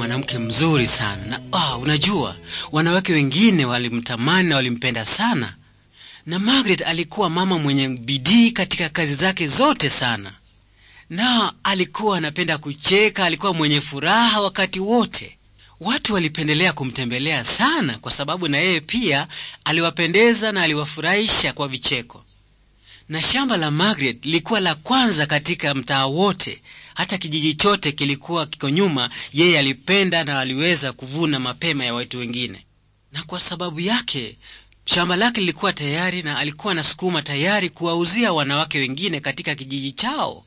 mwanamke mzuri sana na oh, unajua wanawake wengine walimtamani na walimpenda sana, na magret alikuwa mama mwenye bidii katika kazi zake zote sana, na alikuwa anapenda kucheka, alikuwa mwenye furaha wakati wote. Watu walipendelea kumtembelea sana, kwa sababu na yeye pia aliwapendeza na aliwafurahisha kwa vicheko. Na shamba la magret lilikuwa la kwanza katika mtaa wote hata kijiji chote kilikuwa kiko nyuma, yeye alipenda na aliweza kuvuna mapema ya watu wengine, na kwa sababu yake shamba lake lilikuwa tayari na alikuwa na sukuma tayari kuwauzia wanawake wengine katika kijiji chao.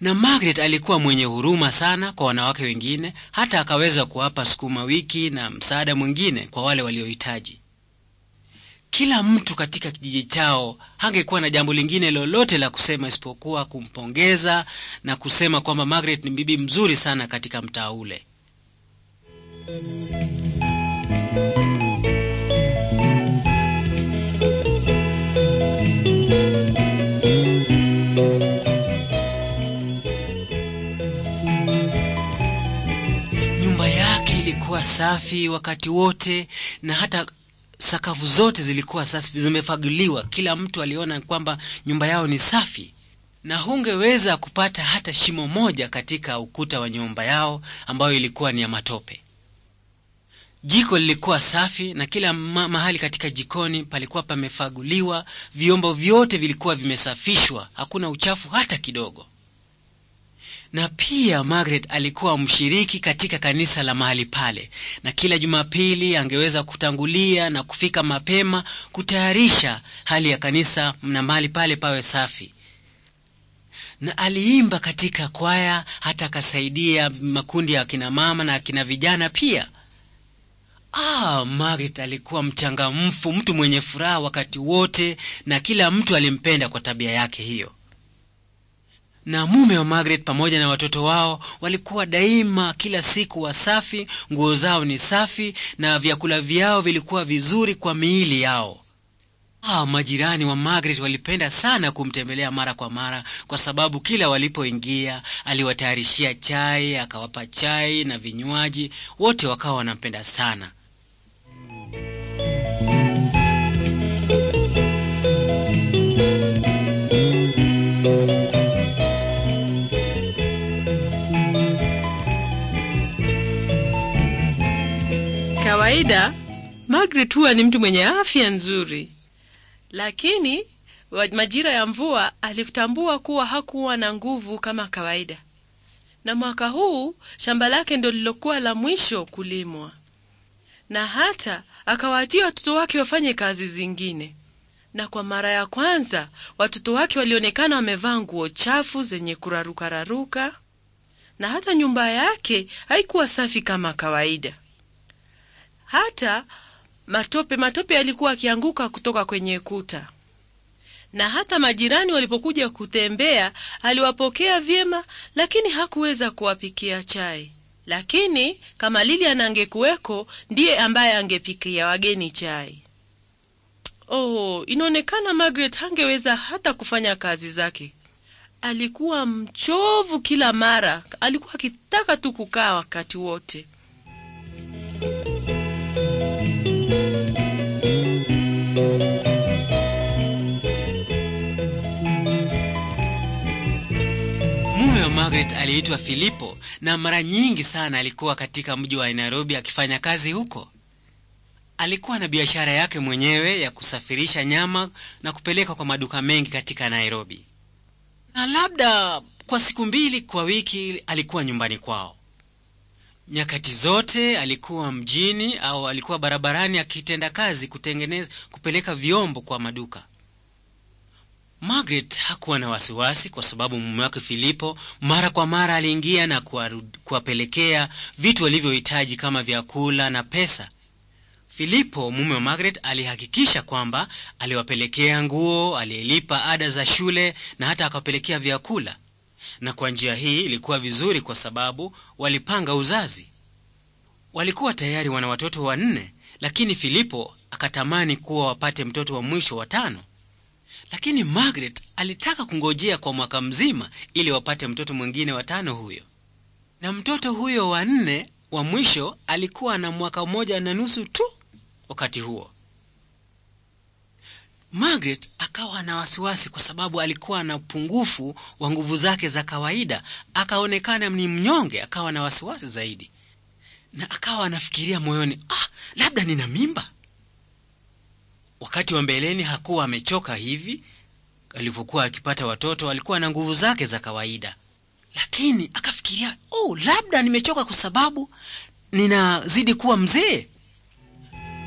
Na Margaret alikuwa mwenye huruma sana kwa wanawake wengine, hata akaweza kuwapa sukuma wiki na msaada mwingine kwa wale waliohitaji. Kila mtu katika kijiji chao hangekuwa na jambo lingine lolote la kusema isipokuwa kumpongeza na kusema kwamba Margaret ni bibi mzuri sana katika mtaa ule. Nyumba yake ilikuwa safi wakati wote na hata sakafu zote zilikuwa safi, zimefagiliwa. Kila mtu aliona kwamba nyumba yao ni safi, na hungeweza kupata hata shimo moja katika ukuta wa nyumba yao ambayo ilikuwa ni ya matope. Jiko lilikuwa safi na kila ma mahali katika jikoni palikuwa pamefaguliwa. Vyombo vyote vilikuwa vimesafishwa, hakuna uchafu hata kidogo na pia Margaret alikuwa mshiriki katika kanisa la mahali pale, na kila Jumapili angeweza kutangulia na kufika mapema kutayarisha hali ya kanisa na mahali pale pawe safi. Na aliimba katika kwaya, hata akasaidia makundi ya akina mama na akina vijana pia. Ah, Margaret alikuwa mchangamfu, mtu mwenye furaha wakati wote, na kila mtu alimpenda kwa tabia yake hiyo na mume wa Margaret pamoja na watoto wao walikuwa daima kila siku wasafi, nguo zao ni safi na vyakula vyao vilikuwa vizuri kwa miili yao. Ah, majirani wa Margaret walipenda sana kumtembelea mara kwa mara kwa sababu kila walipoingia aliwatayarishia chai, akawapa chai na vinywaji, wote wakawa wanampenda sana. kawaida Margaret huwa ni mtu mwenye afya nzuri, lakini majira ya mvua alikutambua kuwa hakuwa na nguvu kama kawaida, na mwaka huu shamba lake ndio lilokuwa la mwisho kulimwa, na hata akawaachia watoto wake wafanye kazi zingine. Na kwa mara ya kwanza watoto wake walionekana wamevaa nguo chafu zenye kurarukararuka, na hata nyumba yake haikuwa safi kama kawaida hata matope matope yalikuwa akianguka kutoka kwenye kuta, na hata majirani walipokuja kutembea aliwapokea vyema, lakini hakuweza kuwapikia chai. Lakini kama Lilian angekuweko, ndiye ambaye angepikia wageni chai. Oh, inaonekana Margaret hangeweza hata kufanya kazi zake. Alikuwa mchovu kila mara, alikuwa akitaka tu kukaa wakati wote. Margaret aliitwa Filipo na mara nyingi sana alikuwa katika mji wa Nairobi akifanya kazi huko. Alikuwa na biashara yake mwenyewe ya kusafirisha nyama na kupeleka kwa maduka mengi katika Nairobi. Na labda kwa siku mbili kwa wiki alikuwa nyumbani kwao. Nyakati zote alikuwa mjini au alikuwa barabarani akitenda kazi kutengeneza, kupeleka vyombo kwa maduka. Margaret hakuwa na wasiwasi kwa sababu mume wake Filipo mara kwa mara aliingia na kuwapelekea vitu walivyohitaji kama vyakula na pesa. Filipo mume wa Margaret alihakikisha kwamba aliwapelekea nguo, aliyelipa ada za shule na hata akawapelekea vyakula, na kwa njia hii ilikuwa vizuri kwa sababu walipanga uzazi. Walikuwa tayari wana watoto wanne, lakini Filipo akatamani kuwa wapate mtoto wa mwisho wa tano lakini Margaret alitaka kungojea kwa mwaka mzima ili wapate mtoto mwingine wa tano huyo, na mtoto huyo wa nne wa mwisho alikuwa na mwaka mmoja na nusu tu wakati huo. Margaret akawa na wasiwasi kwa sababu alikuwa na upungufu wa nguvu zake za kawaida, akaonekana ni mnyonge, akawa na wasiwasi zaidi, na akawa anafikiria moyoni, ah, labda nina mimba wakati wa mbeleni hakuwa amechoka hivi. Alipokuwa akipata watoto alikuwa na nguvu zake za kawaida, lakini akafikiria, oh, labda nimechoka kwa sababu ninazidi kuwa mzee.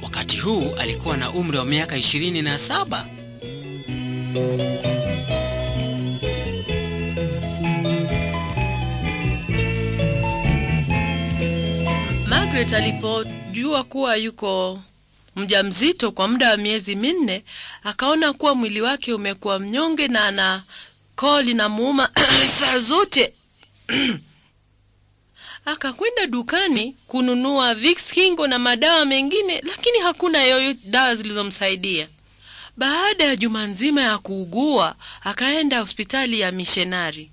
Wakati huu alikuwa na umri wa miaka ishirini na saba. Margaret alipojua kuwa yuko mjamzito kwa muda wa miezi minne, akaona kuwa mwili wake umekuwa mnyonge na ana koo linamuuma saa zote akakwenda dukani kununua Vicks kingo na madawa mengine, lakini hakuna yoyote dawa zilizomsaidia. Baada ya juma nzima ya kuugua, akaenda hospitali ya Mishenari.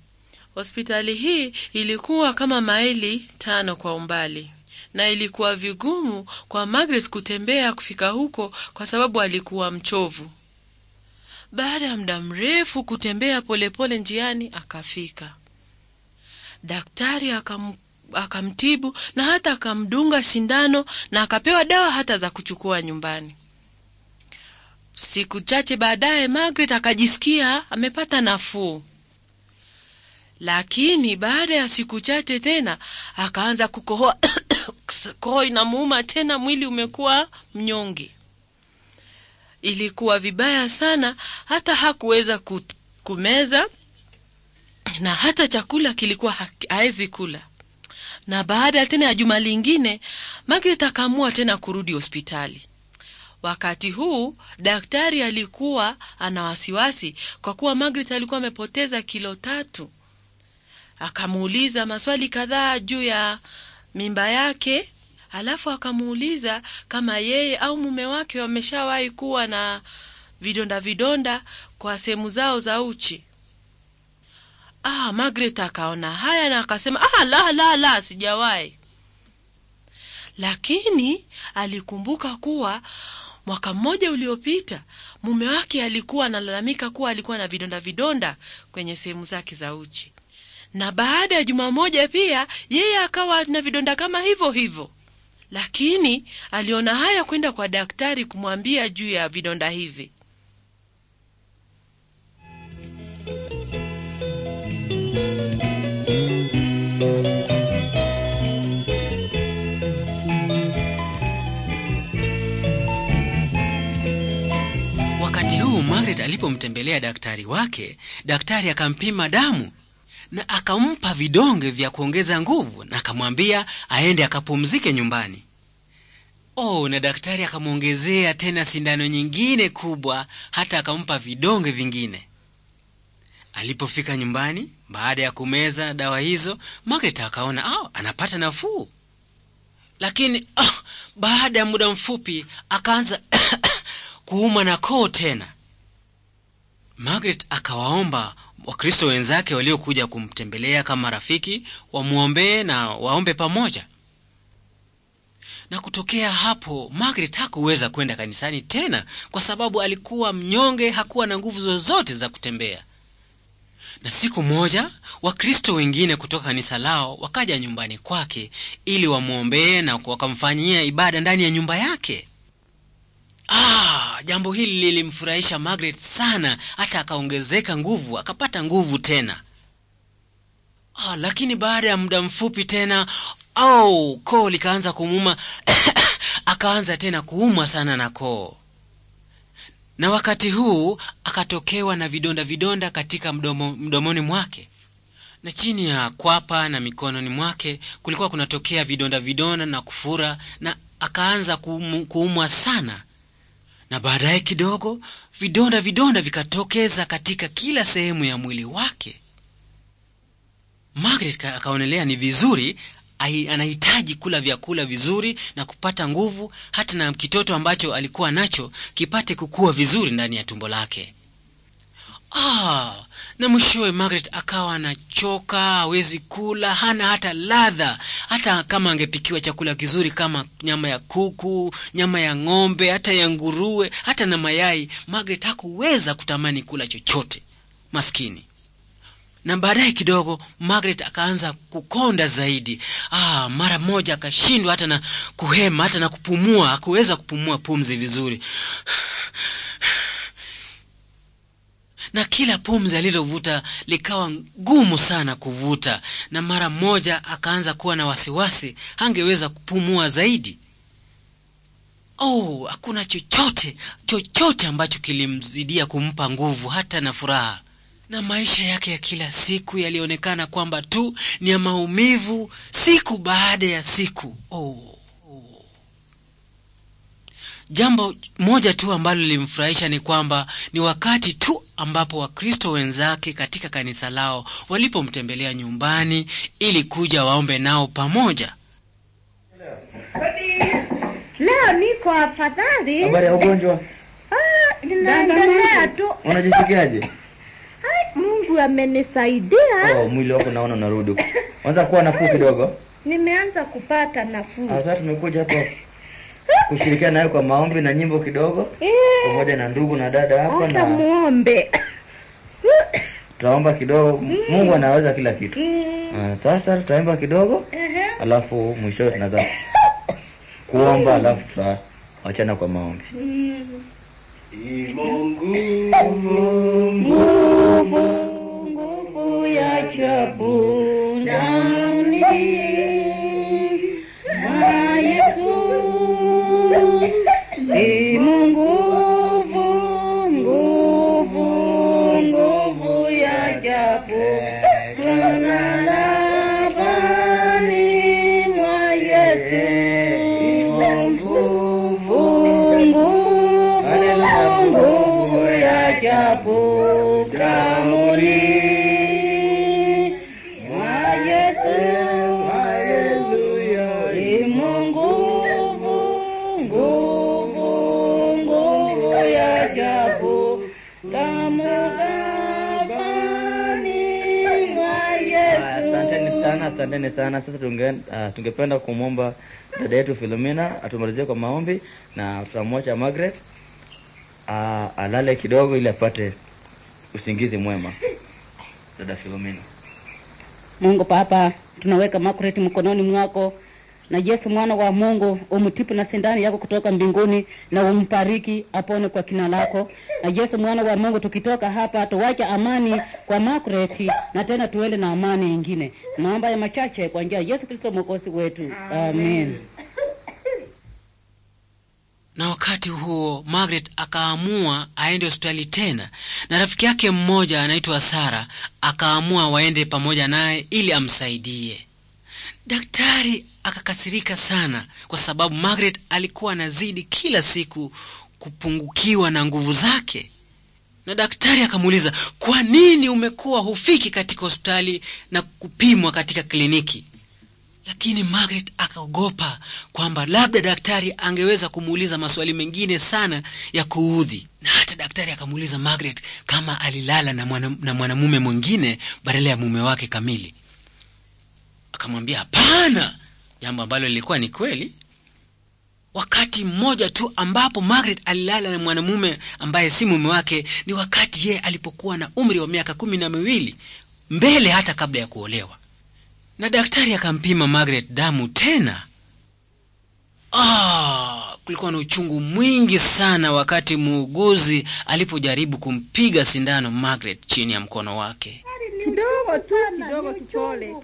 Hospitali hii ilikuwa kama maili tano kwa umbali na ilikuwa vigumu kwa Margaret kutembea kufika huko kwa sababu alikuwa mchovu. Baada ya muda mrefu kutembea polepole pole njiani, akafika. Daktari akam, akamtibu na hata akamdunga sindano na akapewa dawa hata za kuchukua nyumbani. Siku chache baadaye Margaret akajisikia amepata nafuu, lakini baada ya siku chache tena akaanza kukohoa koo inamuuma tena, mwili umekuwa mnyonge. Ilikuwa vibaya sana, hata hakuweza kumeza na hata chakula kilikuwa hawezi kula. Na baada tena ya juma lingine, magret akaamua tena kurudi hospitali. Wakati huu daktari alikuwa ana wasiwasi kwa kuwa magret alikuwa amepoteza kilo tatu. Akamuuliza maswali kadhaa juu ya mimba yake alafu akamuuliza kama yeye au mume wake wameshawahi kuwa na vidonda vidonda kwa sehemu zao za uchi. Ah, Margaret akaona haya na akasema ah, la la la, sijawahi. Lakini alikumbuka kuwa mwaka mmoja uliopita mume wake alikuwa analalamika kuwa alikuwa na vidonda vidonda kwenye sehemu zake za uchi na baada ya juma moja pia yeye akawa na vidonda kama hivyo hivyo, lakini aliona haya kwenda kwa daktari kumwambia juu ya vidonda hivi. Wakati huu Margaret alipomtembelea daktari wake, daktari akampima damu na akampa vidonge vya kuongeza nguvu na akamwambia aende akapumzike nyumbani. Oh, na daktari akamwongezea tena sindano nyingine kubwa hata akampa vidonge vingine. Alipofika nyumbani baada ya kumeza dawa hizo, magret akaona oh, anapata nafuu, lakini oh, baada ya muda mfupi akaanza kuuma na koo tena. Margaret akawaomba Wakristo wenzake waliokuja kumtembelea kama rafiki wamwombee na waombe pamoja. Na kutokea hapo Margaret hakuweza kwenda kanisani tena kwa sababu alikuwa mnyonge, hakuwa na nguvu zozote za kutembea. Na siku moja Wakristo wengine kutoka kanisa lao wakaja nyumbani kwake ili wamwombee na wakamfanyia ibada ndani ya nyumba yake. Ah, jambo hili lilimfurahisha Margaret sana, hata akaongezeka nguvu, akapata nguvu tena. Ah, lakini baada ya muda mfupi tena au koo likaanza kumuma akaanza tena kuumwa sana na koo, na wakati huu akatokewa na vidonda vidonda katika mdomo, mdomoni mwake na chini ya kwapa na mikononi mwake kulikuwa kunatokea vidonda vidonda na kufura, na akaanza kuumwa sana na baadaye kidogo vidonda vidonda vikatokeza katika kila sehemu ya mwili wake. Margaret akaonelea ni vizuri anahitaji kula vyakula vizuri na kupata nguvu, hata na kitoto ambacho alikuwa nacho kipate kukua vizuri ndani ya tumbo lake ah, na mwishowe Margaret akawa anachoka, hawezi kula, hana hata ladha. Hata kama angepikiwa chakula kizuri kama nyama ya kuku, nyama ya ng'ombe, hata ya nguruwe, hata na mayai, Margaret hakuweza kutamani kula chochote, maskini. Na baadaye kidogo Margaret akaanza kukonda zaidi. Ah, mara moja akashindwa hata na kuhema, hata na kupumua, hakuweza kupumua pumzi vizuri na kila pumzi alilovuta likawa ngumu sana kuvuta, na mara mmoja akaanza kuwa na wasiwasi hangeweza kupumua zaidi. Oh, hakuna chochote chochote ambacho kilimzidia kumpa nguvu hata na furaha, na maisha yake ya kila siku yalionekana kwamba tu ni ya maumivu siku baada ya siku. Oh. Jambo moja tu ambalo lilimfurahisha ni kwamba ni wakati tu ambapo Wakristo wenzake katika kanisa lao walipomtembelea nyumbani ili kuja waombe nao pamoja. Leo niko afadhali. Habari ya ugonjwa? Ah, ninaendelea tu. Unajisikiaje? Mungu amenisaidia. Oh, mwili wako naona unarudi. Anza kuwa nafuu kidogo. Nimeanza kupata nafuu. Ah, sasa tumekuja hapa kushirikiana naye kwa maombi na nyimbo kidogo eh. pamoja yeah. na ndugu na dada hapa na muombe tutaomba kidogo mm. Mungu anaweza kila kitu mm. Eh, sasa tutaimba kidogo uh -huh. alafu mwisho tunaanza kuomba mm. alafu tutaachana kwa maombi mm. Mungu ya chabu nene sana. Sasa tunge, uh, tungependa kumwomba dada yetu Filomena atumalizie kwa maombi na tutamwacha Margaret uh, alale kidogo ili apate usingizi mwema. Dada Filomena. Mungu Baba, tunaweka Margaret mkononi mwako na Yesu mwana wa Mungu umtipu na sindani yako kutoka mbinguni na umpariki apone kwa kina lako. Na Yesu mwana wa Mungu, tukitoka hapa tuwache amani kwa Margaret na tena tuende na amani nyingine. Naomba ya machache kwa njia Yesu Kristo mwokozi wetu, amen. Na wakati huo Margaret akaamua aende hospitali tena, na rafiki yake mmoja anaitwa Sara akaamua waende pamoja naye ili amsaidie daktari akakasirika sana kwa sababu Margaret alikuwa anazidi kila siku kupungukiwa na nguvu zake, na daktari akamuuliza, kwa nini umekuwa hufiki katika hospitali na kupimwa katika kliniki? Lakini Margaret akaogopa kwamba labda daktari angeweza kumuuliza maswali mengine sana ya kuudhi, na hata daktari akamuuliza Margaret kama alilala na mwanamume mwana mwingine badala ya mume wake kamili. Akamwambia hapana, jambo ambalo lilikuwa ni kweli wakati mmoja tu ambapo margaret alilala na mwanamume ambaye si mume wake ni wakati yeye alipokuwa na umri wa miaka kumi na miwili mbele hata kabla ya kuolewa na daktari akampima margaret damu tena oh! Kulikuwa na uchungu mwingi sana wakati muuguzi alipojaribu kumpiga sindano Margaret chini ya mkono wake. Kidogo tu, kidogo tu, pole,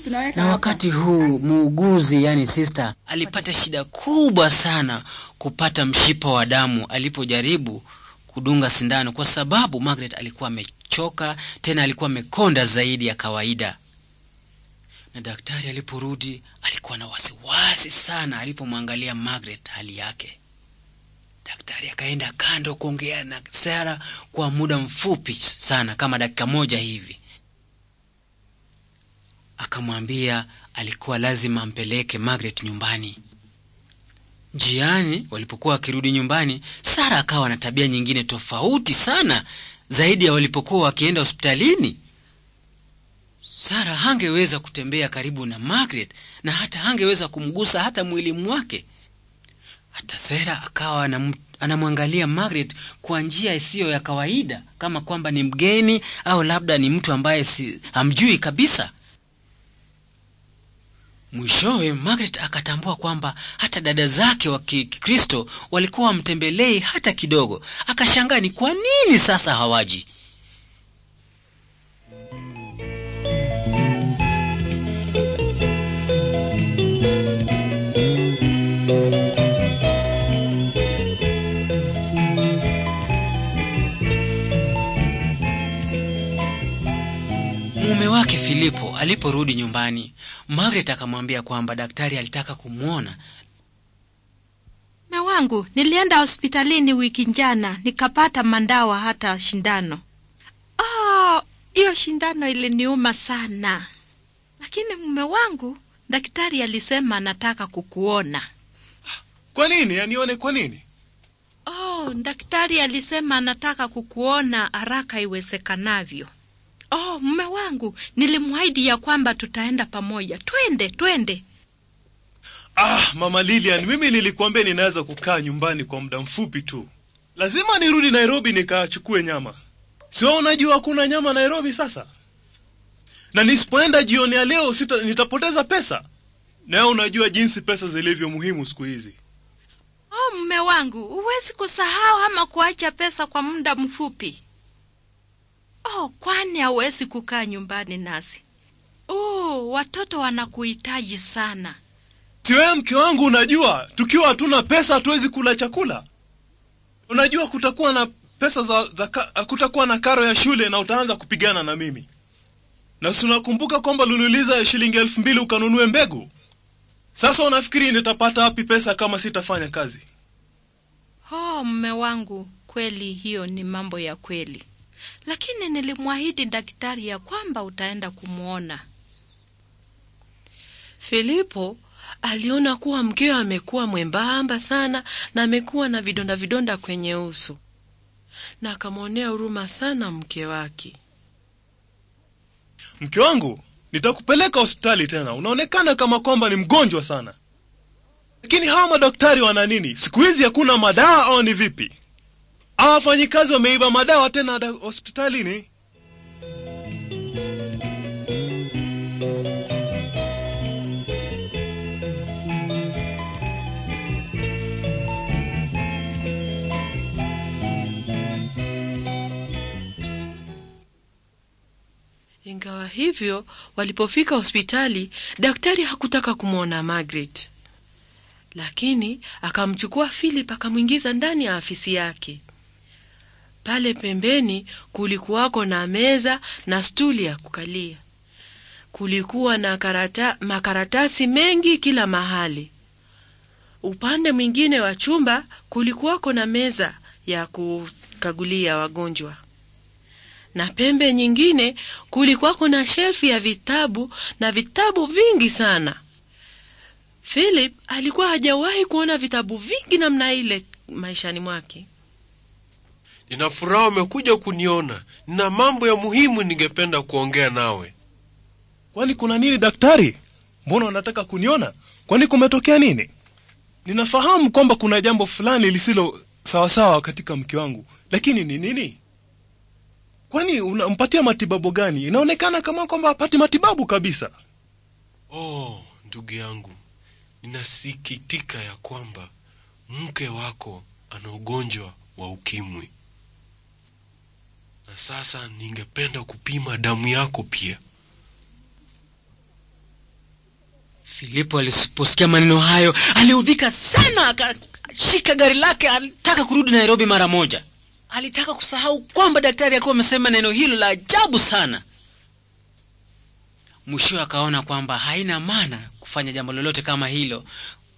pole. Na wakati huu muuguzi, yani sister, alipata shida kubwa sana kupata mshipa wa damu alipojaribu kudunga sindano, kwa sababu Margaret alikuwa amechoka, tena alikuwa amekonda zaidi ya kawaida na daktari aliporudi alikuwa na wasiwasi sana alipomwangalia Margaret hali yake. Daktari akaenda kando kuongea na Sara kwa muda mfupi sana, kama dakika moja hivi. Akamwambia alikuwa lazima ampeleke Margaret nyumbani. Njiani walipokuwa wakirudi nyumbani, Sara akawa na tabia nyingine tofauti sana zaidi ya walipokuwa wakienda hospitalini. Sara hangeweza kutembea karibu na Margaret na hata hangeweza kumgusa hata mwili wake. Hata Sara akawa anamwangalia Margaret kwa njia isiyo ya kawaida, kama kwamba ni mgeni au labda ni mtu ambaye si hamjui kabisa. Mwishowe Margaret akatambua kwamba hata dada zake wa Kikristo walikuwa wamtembelei hata kidogo. Akashangaa ni kwa nini sasa hawaji. Filipo aliporudi nyumbani, Margaret akamwambia kwamba daktari alitaka kumwona. Mme wangu, nilienda hospitalini wiki njana nikapata mandawa hata shindano. Oh, hiyo shindano iliniuma sana, lakini mume wangu, daktari alisema anataka kukuona. Kwa nini anione? Kwa nini? Oh, daktari alisema anataka kukuona haraka iwezekanavyo. Oh, mume wangu, nilimwahidi ya kwamba tutaenda pamoja. Twende, twende. Ah, Mama Lilian, mimi nilikuambia ninaweza kukaa nyumbani kwa muda mfupi tu. Lazima nirudi Nairobi nikachukue nyama. Sio, unajua hakuna nyama Nairobi sasa. Na nisipoenda jioni ya leo sita, nitapoteza pesa. Na unajua jinsi pesa zilivyo muhimu siku hizi. Oh, mume wangu, huwezi kusahau ama kuacha pesa kwa muda mfupi. Oh, kwani hawezi kukaa nyumbani nasi? Oh, watoto wanakuhitaji sana. Tiwe mke wangu, unajua tukiwa hatuna pesa hatuwezi kula chakula. Unajua kutakuwa na pesa za, za kutakuwa na karo ya shule na utaanza kupigana na mimi. Na unakumbuka kwamba lululiza shilingi elfu mbili ukanunue mbegu. Sasa unafikiri nitapata wapi pesa kama sitafanya kazi? Oh, mme wangu, kweli hiyo ni mambo ya kweli lakini nilimwahidi daktari ya kwamba utaenda kumwona. Filipo aliona kuwa mkeo amekuwa mwembamba sana na amekuwa na vidonda vidonda kwenye uso, na akamwonea huruma sana mke wake. Mke wangu, nitakupeleka hospitali tena, unaonekana kama kwamba ni mgonjwa sana. Lakini hawa madaktari wana nini? Siku hizi hakuna madawa au ni vipi? Hawa wafanyikazi wameiva madawa tena hospitalini. Ingawa hivyo, walipofika hospitali, daktari hakutaka kumwona Margaret, lakini akamchukua Philip akamwingiza ndani ya afisi yake. Pale pembeni kulikuwako na meza na stuli ya kukalia. Kulikuwa na karata, makaratasi mengi kila mahali. Upande mwingine wa chumba kulikuwako na meza ya kukagulia wagonjwa, na pembe nyingine kulikuwako na shelfu ya vitabu na vitabu vingi sana. Philip alikuwa hajawahi kuona vitabu vingi namna ile maishani mwake. Nina furaha umekuja kuniona. Nina mambo ya muhimu ningependa kuongea nawe. Kwani kuna nini daktari? Mbona unataka kuniona? Kwani kumetokea nini? Ninafahamu kwamba kuna jambo fulani lisilo sawasawa katika mke wangu, lakini ni nini? Kwani unampatia matibabu gani? Inaonekana kama kwamba hapati matibabu kabisa. Oh, ndugu yangu, ninasikitika ya kwamba mke wako ana ugonjwa wa ukimwi na sasa ningependa kupima damu yako pia. Filipo aliposikia maneno hayo aliudhika sana, akashika gari lake, alitaka kurudi Nairobi mara moja. Alitaka kusahau kwamba daktari alikuwa amesema neno hilo la ajabu sana. Mwishowe akaona kwamba haina maana kufanya jambo lolote kama hilo,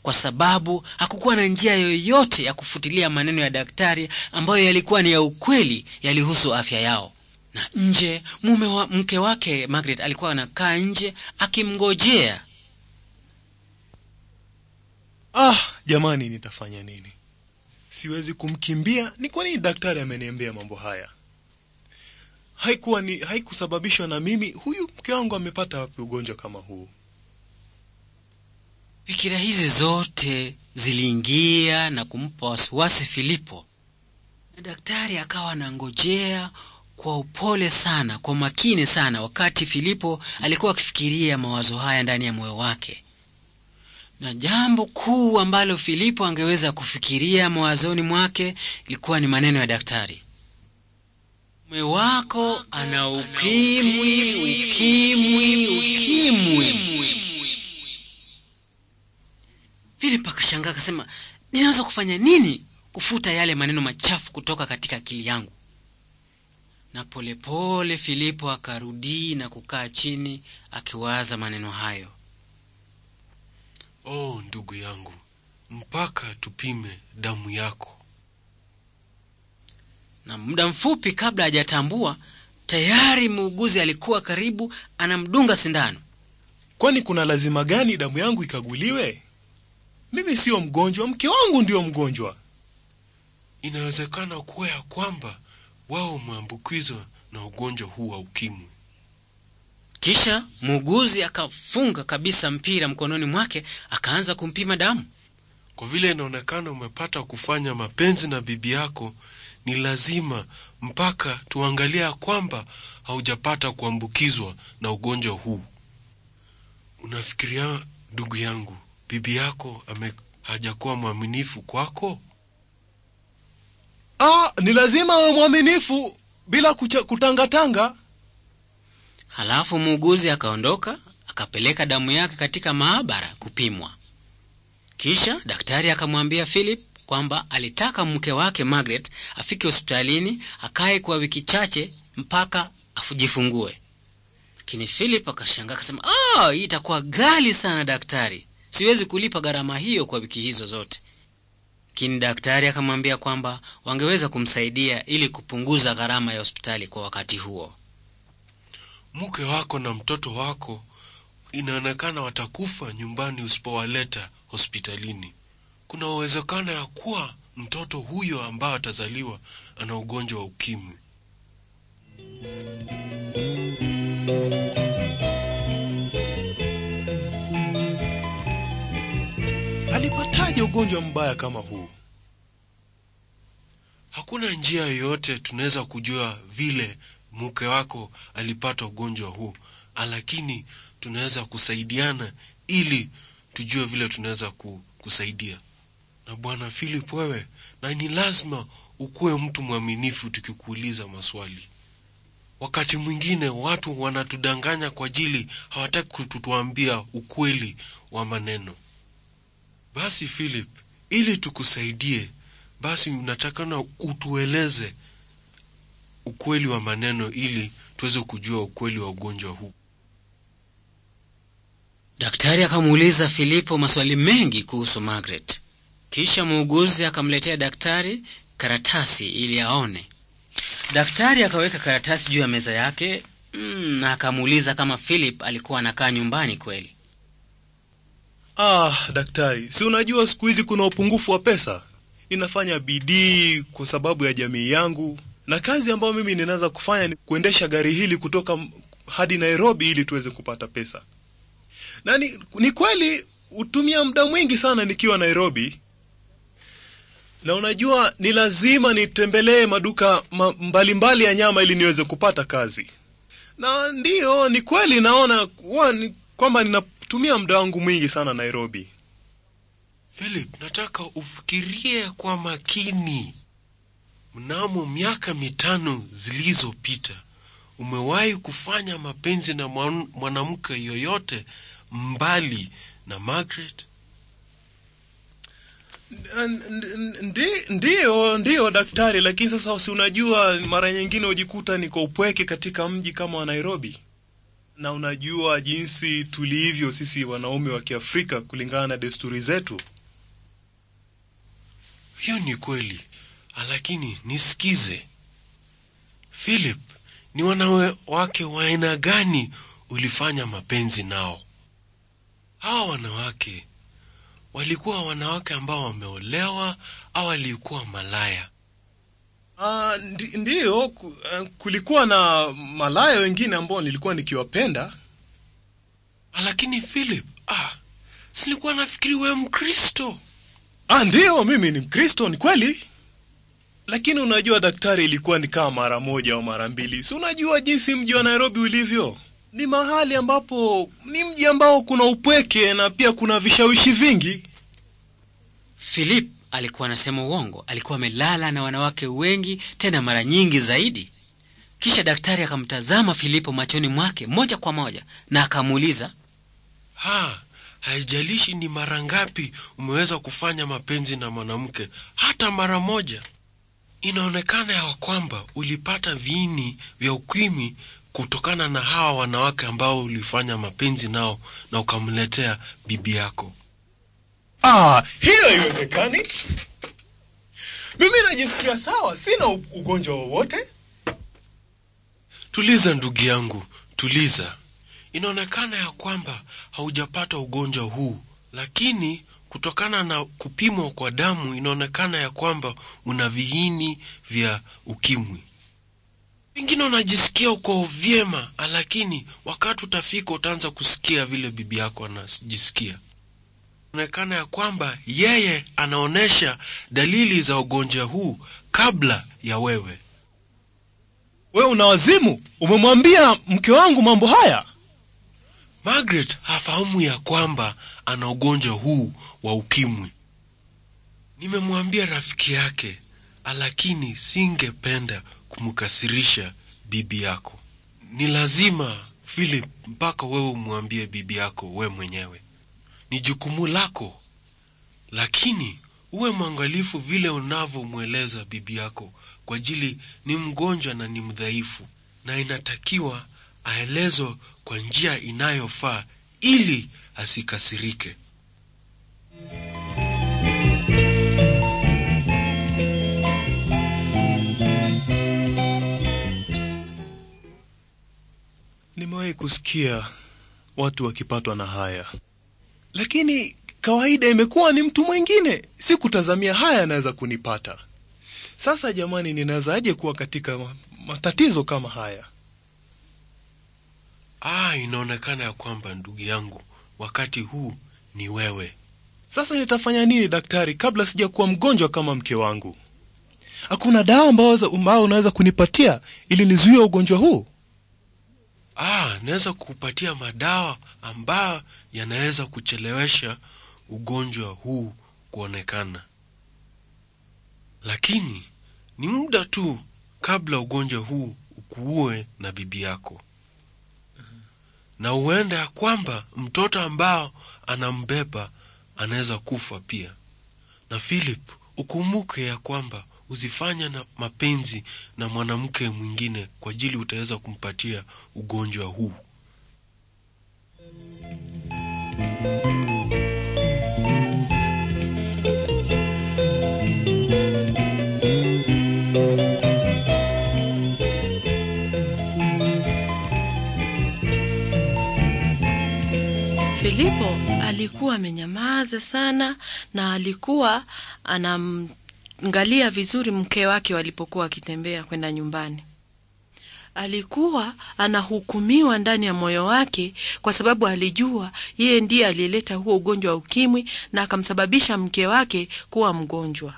kwa sababu hakukuwa na njia yoyote ya kufutilia maneno ya daktari ambayo yalikuwa ni ya ukweli, yalihusu afya yao. Na nje mume wa mke wake Margaret alikuwa anakaa nje akimngojea. Ah, jamani, nitafanya nini? Siwezi kumkimbia. Ni kwa nini daktari ameniambia mambo haya? Haikuwa ni haikusababishwa na mimi. Huyu mke wangu amepata wapi ugonjwa kama huu? Fikira hizi zote ziliingia na kumpa wasiwasi Filipo, na daktari akawa anangojea kwa upole sana, kwa makini sana, wakati Filipo alikuwa akifikiria mawazo haya ndani ya moyo wake. Na jambo kuu ambalo Filipo angeweza kufikiria mawazoni mwake ilikuwa ni maneno ya daktari: mume wako ana ukimwi, ukimwi, ukimwi. Filipo akashangaa akasema, ninaweza kufanya nini kufuta yale maneno machafu kutoka katika akili yangu? Na polepole Filipo akarudi na kukaa chini akiwaza maneno hayo. Oh, ndugu yangu, mpaka tupime damu yako. Na muda mfupi kabla hajatambua tayari muuguzi alikuwa karibu anamdunga sindano. Kwani kuna lazima gani damu yangu ikaguliwe? mimi siyo mgonjwa, mke wangu ndiyo mgonjwa. Inawezekana kuwa ya kwamba wao umeambukizwa na ugonjwa huu wa ukimwi. Kisha muuguzi akafunga kabisa mpira mkononi mwake, akaanza kumpima damu. Kwa vile inaonekana umepata kufanya mapenzi na bibi yako, ni lazima mpaka tuangalia ya kwamba haujapata kuambukizwa na ugonjwa huu. Unafikiria ndugu yangu, bibi yako ame, hajakuwa mwaminifu kwako? Ah, ni lazima awe mwaminifu bila kucha, kutangatanga. Halafu muuguzi akaondoka akapeleka damu yake katika maabara kupimwa. Kisha daktari akamwambia Philip kwamba alitaka mke wake Margaret afike hospitalini akae kwa wiki chache mpaka afujifungue. Lakini Philip akashangaa akasema, ah, hii itakuwa ghali sana daktari siwezi kulipa gharama hiyo kwa wiki hizo zote. Lakini daktari akamwambia kwamba wangeweza kumsaidia ili kupunguza gharama ya hospitali kwa wakati huo. Mke wako na mtoto wako inaonekana watakufa nyumbani usipowaleta hospitalini. Kuna uwezekano ya kuwa mtoto huyo ambaye atazaliwa ana ugonjwa wa ukimwi. alipataje ugonjwa mbaya kama huu? Hakuna njia yoyote tunaweza kujua vile mke wako alipata ugonjwa huu, lakini tunaweza kusaidiana ili tujue vile tunaweza kusaidia. Na bwana Philip, wewe na ni lazima ukuwe mtu mwaminifu tukikuuliza maswali. Wakati mwingine watu wanatudanganya kwa ajili hawataki kutuambia ukweli wa maneno. Basi Philip, ili tukusaidie, basi unatakana utueleze ukweli wa maneno ili tuweze kujua ukweli wa ugonjwa huu. Daktari akamuuliza Filipo maswali mengi kuhusu Margaret. Kisha muuguzi akamletea daktari karatasi ili aone. Daktari akaweka karatasi juu ya meza yake mm, na akamuuliza kama Philip alikuwa anakaa nyumbani kweli. Ah, daktari, si unajua siku hizi kuna upungufu wa pesa. Ninafanya bidii kwa sababu ya jamii yangu, na kazi ambayo mimi ninaweza kufanya ni kuendesha gari hili kutoka hadi Nairobi ili tuweze kupata pesa. Na ni, ni kweli hutumia muda mwingi sana nikiwa Nairobi, na unajua ni lazima nitembelee maduka mbalimbali mbali ya nyama ili niweze kupata kazi. Na ndiyo, ni kweli naona kwamba nina nimetumia muda wangu mwingi sana Nairobi. Philip, nataka ufikirie kwa makini. Mnamo miaka mitano zilizopita, umewahi kufanya mapenzi na mwanamke yoyote mbali na Margaret? Ndiyo, ndiyo daktari, lakini sasa si unajua, mara nyingine hujikuta niko upweke katika mji kama wa Nairobi na unajua jinsi tulivyo sisi wanaume wa Kiafrika kulingana na desturi zetu. Hiyo ni kweli, lakini nisikize Philip, ni wanawake wa aina gani ulifanya mapenzi nao? Hawa wanawake walikuwa wanawake ambao wameolewa au walikuwa malaya? Uh, ndi, ndiyo eh, kulikuwa na malaya wengine ambao nilikuwa nikiwapenda, ah, lakini Philip, ah, silikuwa nafikiri wewe Mkristo. Ah, ndiyo mimi ni Mkristo, ni kweli lakini unajua daktari, ilikuwa ni kama mara moja au mara mbili. Si unajua jinsi mji wa Nairobi ulivyo, ni mahali ambapo ni mji ambao kuna upweke na pia kuna vishawishi vingi. Philip, alikuwa anasema uongo, alikuwa amelala na wanawake wengi, tena mara nyingi zaidi. Kisha daktari akamtazama Filipo machoni mwake moja kwa moja na akamuuliza, ha, haijalishi ni mara ngapi umeweza kufanya mapenzi na mwanamke, hata mara moja, inaonekana ya kwamba ulipata viini vya ukimwi kutokana na hawa wanawake ambao ulifanya mapenzi nao na ukamletea bibi yako. Ah, hiyo haiwezekani. Mimi najisikia sawa, sina ugonjwa wowote. Tuliza ndugu yangu, tuliza. Inaonekana ya kwamba haujapata ugonjwa huu, lakini kutokana na kupimwa kwa damu inaonekana ya kwamba una viini vya ukimwi. Pengine unajisikia uko vyema, lakini wakati utafika utaanza kusikia vile bibi yako anajisikia. Inaonekana ya kwamba yeye anaonyesha dalili za ugonjwa huu kabla ya wewe. Wewe una wazimu, umemwambia mke wangu mambo haya? Margaret hafahamu ya kwamba ana ugonjwa huu wa ukimwi. Nimemwambia rafiki yake, lakini singependa kumkasirisha bibi yako. Ni lazima Philip, mpaka wewe umwambie bibi yako we mwenyewe ni jukumu lako, lakini uwe mwangalifu vile unavyomweleza bibi yako, kwa ajili ni mgonjwa na ni mdhaifu, na inatakiwa aelezwe kwa njia inayofaa ili asikasirike. Nimewahi kusikia watu wakipatwa na haya lakini kawaida imekuwa ni mtu mwingine, si kutazamia haya anaweza kunipata. Sasa jamani, ninawezaje kuwa katika matatizo kama haya? Ah, inaonekana ya kwamba ndugu yangu wakati huu ni wewe. Sasa nitafanya nini daktari, kabla sijakuwa mgonjwa kama mke wangu? Hakuna dawa ambayo unaweza kunipatia ili nizuie ugonjwa huu? Ah, naweza kukupatia madawa ambayo yanaweza kuchelewesha ugonjwa huu kuonekana, lakini ni muda tu kabla ugonjwa huu ukuue na bibi yako, na huenda ya kwamba mtoto ambao anambeba anaweza kufa pia. Na Philip, ukumbuke ya kwamba usifanya na mapenzi na mwanamke mwingine kwa ajili utaweza kumpatia ugonjwa huu. Filipo alikuwa amenyamaza sana na alikuwa anamngalia vizuri mke wake walipokuwa wakitembea kwenda nyumbani. Alikuwa anahukumiwa ndani ya moyo wake, kwa sababu alijua yeye ndiye aliyeleta huo ugonjwa wa ukimwi na akamsababisha mke wake kuwa mgonjwa,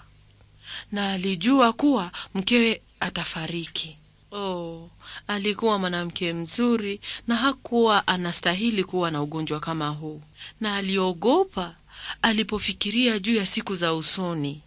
na alijua kuwa mkewe atafariki. Oh, alikuwa mwanamke mzuri na hakuwa anastahili kuwa na ugonjwa kama huu, na aliogopa alipofikiria juu ya siku za usoni.